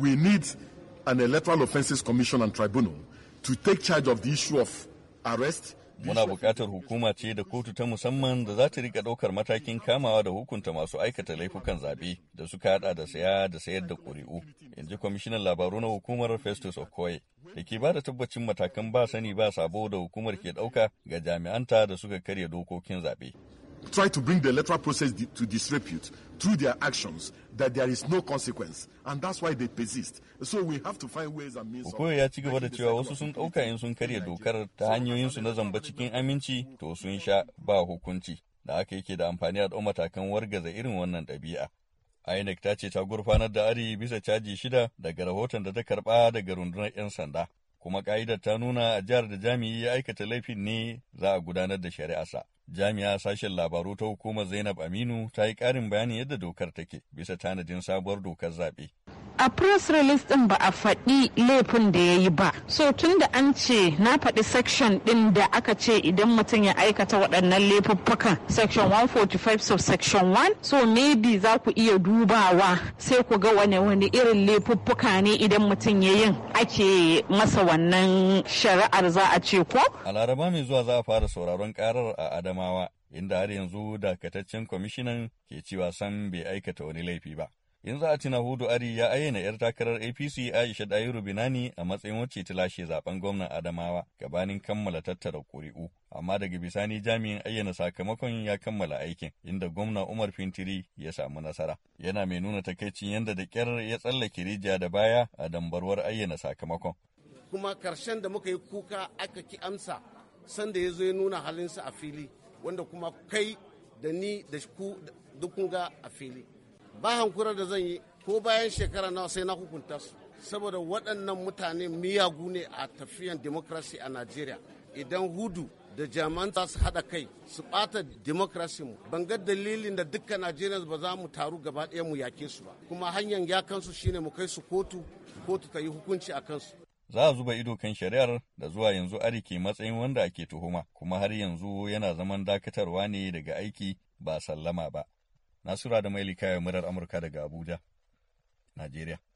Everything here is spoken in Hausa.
we need an electoral offences commission and tribunal to take charge of the issue of arrest Muna buƙatar hukuma ce da kotu ta musamman da za ta rika ɗaukar matakin kamawa da hukunta masu aikata laifukan zaɓe da suka haɗa da saya da sayar da ƙuri'u, in ji kwamishinan labaru na hukumar Festus Okoye, da ke ba da tabbacin matakan ba sani ba sabo da hukumar ke ɗauka ga jami'anta da suka karya dokokin zaɓe. try to bring the electoral process di- to disrepute through their actions that there is no consequence and that's why they persist so we have to find ways and means Okoye ya ci gaba da cewa wasu sun ɗauka in sun karya dokar ta hanyoyinsu na zamba cikin aminci to sun sha ba hukunci da aka yake da amfani a ɗau matakan wargaza irin wannan ɗabi'a INEC ta ce ta gurfanar da ari bisa caji shida daga rahoton da ta karɓa daga rundunar 'yan sanda kuma ƙa'idar ta nuna a jihar da jami'i ya aikata laifin ne za a gudanar da shari'arsa. Jami'a sashen labaru ta hukumar Zainab Aminu ta yi ƙarin bayanin yadda dokar take bisa tanadin sabuwar dokar zaɓe. a press release din ba a faɗi laifin da ya yi ba so tun da an ce na faɗi section din da aka ce idan mutum ya aikata waɗannan laifuffukan section 145 section 1 so maybe za ku iya dubawa sai ku ga wani wani irin laifuffuka ne idan mutum ya yin ake masa wannan shari'ar za a ce ko a laraba mai zuwa za a fara sauraron karar a adamawa inda har yanzu dakataccen kwamishinan ke cewa san bai aikata wani laifi ba in za a tuna Hudu Ari ya ayyana 'yar takarar APC Aisha Dayiru Binani a matsayin wacce ta lashe zaben gwamnan Adamawa gabanin kammala tattara kuri'u Amma daga bisani jami'in ayyana sakamakon ya kammala aikin inda gwamna Umar Fintiri ya samu nasara. Yana mai nuna takaicin yadda da ƙyar ya tsallake rijiya da baya a dambarwar ayyana sakamakon. Kuma karshen da muka yi kuka aka ki amsa sanda ya zo ya nuna halinsa a fili wanda kuma kai da ni da ku duk a fili. ba hankurar da zan yi ko bayan shekara nawa sai na hukunta su saboda waɗannan mutane miyagu ne a tafiyan demokrasi a najeriya idan hudu da jaman za su haɗa kai su ɓata demokrasi mu ban ga dalilin da dukkan najeriya ba za mu taru gaba ɗaya mu yake su ba kuma hanyar ya kansu shine mu kai su kotu kotu ta yi hukunci a kansu za a zuba ido kan shari'ar da zuwa yanzu arike matsayin wanda ake tuhuma kuma har yanzu yana zaman dakatarwa ne daga aiki ba sallama ba Nasura da mai ya murar Amurka daga Abuja, Najeriya.